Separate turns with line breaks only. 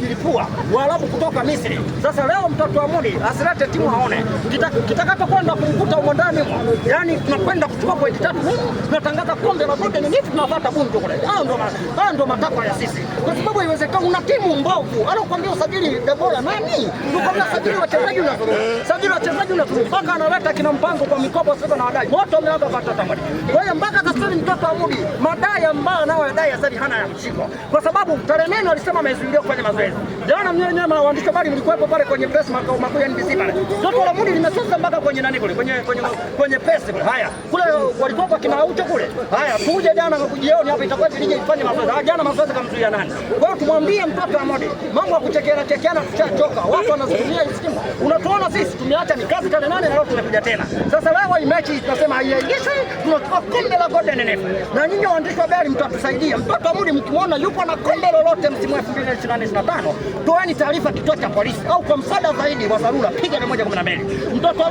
kujilipua, Waarabu kutoka Misri. Sasa leo mtoto wa Mudi asilete timu haone kitakapokwenda kumkuta huko ndani, yani tunakwenda kuchukua pointi tatu, tunatangaza kombe la bonde nini, tunapata bunju kule. hayo ndio matakwa ya sisi, kwa sababu haiwezekani una timu mbovu. Anakuambia usajili Debora nani? Unakwambia sajili wachezaji na sajili wachezaji na mpaka analeta kina mpango kwa mikopo sasa na wadai moto umeanza kwa tatamadi. Kwa hiyo mpaka huyu nitaka amudi madai ambayo nao anayoyadai Azali hana ya mshiko, kwa sababu tarehe nane alisema amezuiliwa kufanya mazoezi. Jana mwenyewe nyama waandishi habari mlikuwepo pale kwenye press makao makuu ya NBC pale, joto la Mudi limesusa mpaka kwenye nani kule kwenye kwenye kwenye press kule. Haya kule eh, walikuwa kina Aucho kule. Haya tuje jana kujioni hapa itakuwa lije ifanye mazoezi. Haya ah, jana mazoezi kamzuia nani? Kwa hiyo tumwambie mtoto wa Mudi mambo ya kuchekeana chekeana, tushachoka. Watu wanazungumzia isikimu, unatuona sisi tumeacha ni kazi tarehe nane na leo tumekuja tena. Sasa leo hii mechi tunasema haiaingishwi, tunachukua kombe la God na nyinyi waandishi wa habari mtatusaidia. Mtoto mudi mkimwona yupo na kombe lolote msimu wa 2025, toeni taarifa kituo cha polisi au kwa msaada zaidi wa dharura piga na 112. Mtoto